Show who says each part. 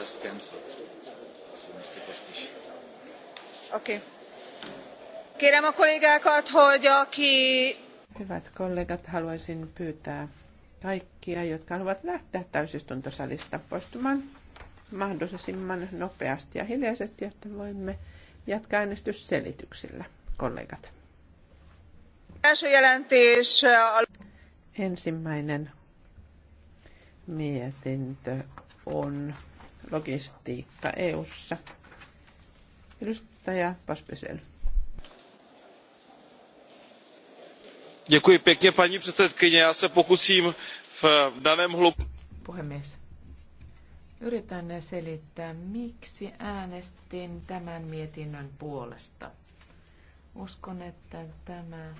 Speaker 1: just cancelled. So, Mr. Pospíš.
Speaker 2: Okay. Kérem a kollégákat, hogy aki... Hyvät kollegat, haluaisin pyytää kaikkia, jotka haluavat lähteä täysistuntosalista poistumaan mahdollisimman nopeasti ja hiljaisesti, että voimme jatkaa äänestysselityksillä, kollegat. Ensimmäinen mietintö on logistiikka EU:ssa. Edustaja Paspesel.
Speaker 3: Děkuji pěkně, paní předsedkyně. Já se pokusím v daném hlubu...
Speaker 4: Puhemies. Yritän selittää, miksi äänestin tämän mietinnön puolesta. Uskon, että tämä